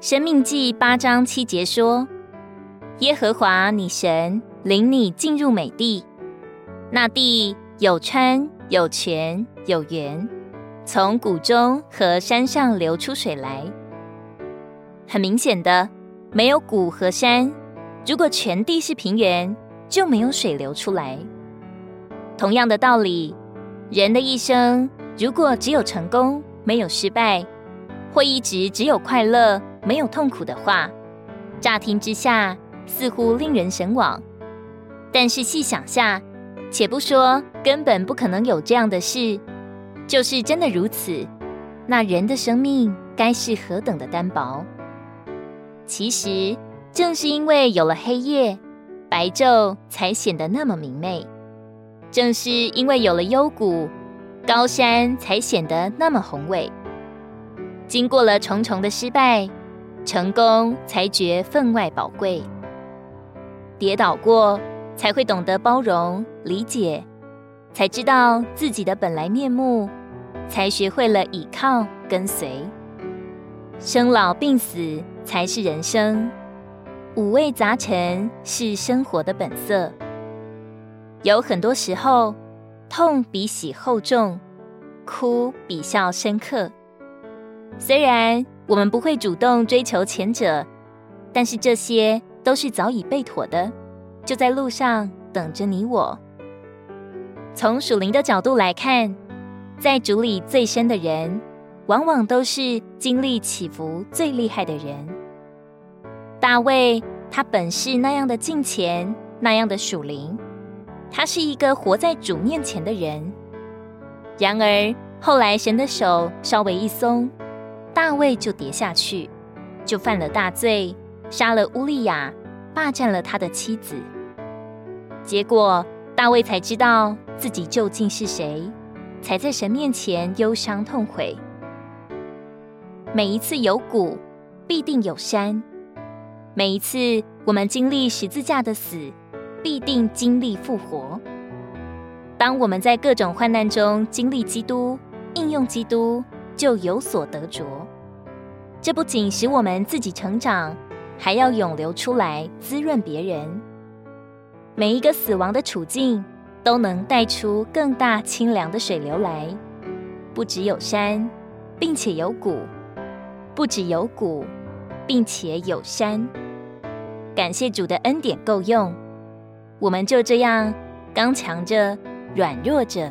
申命記八章七節說：“耶和華你神領你進入美地，那地有川有泉有源，從谷中和山上流出水來。”很明顯的，沒有谷和山，如果全地是平原，就沒有水流出來。同樣的道理，人的一生如果只有成功，沒有失敗，會一直只有快樂。沒有痛苦的話，乍聽之下似乎令人神往。但是細想下，且不說根本不可能有這樣的事，就是真的如此，那人的生命該是何等的單薄？其實，正是因為有了黑夜，白晝才顯得那麼明媚；正是因為有了幽谷，高山才顯得那麼宏偉。經過了重重的失敗。成功才覺分外寶貴，跌倒過才會懂得包容理解，才知道自己的本來面目，才學會了依靠跟隨。生老病死才是人生，五味雜陳是生活的本色。有很多時候，痛比喜厚重，哭比笑深刻。雖然。我們不會主動追求前者，但是這些都是早已備妥的，就在路上等着你我。從屬靈的角度來看，在主裡最深的人，往往都是經歷起伏最厲害的人。大衛，他本是那樣的敬虔，那樣的屬靈，他是一個活在主面前的人。然而後來，神的手稍微一鬆，大衛就跌下去，就犯了大罪，殺了烏利亞，霸占了他的妻子。結果大衛才知道自己究竟是誰，才在神面前憂傷痛悔。每一次有谷，必定有山；每一次我們經歷十字架的死，必定經歷復活。當我們在各種患難中經歷基督，應用基督。就有所得着，這不僅使我們自己成長，還要湧流出來滋潤別人。每一個死亡的處境，都能帶出更大清涼的水流來。不只有山，並且有谷；不只有谷，並且有山。感謝主的恩典夠用，我們就這樣剛強着、軟弱着，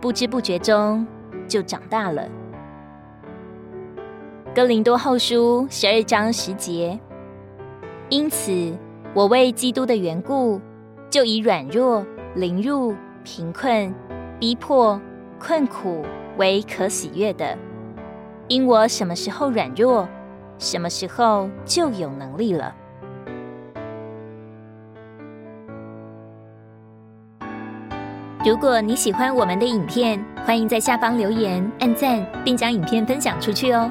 不知不覺中就長大了。哥林多後書十二章十節，因此我為基督的緣故，就以軟弱、凌辱、貧困、逼迫、困苦為可喜悅的，因我什麼時候軟弱，什麼時候就有能力了。如果你喜歡我們的影片，歡迎在下方留言、按讚，並將影片分享出去哦。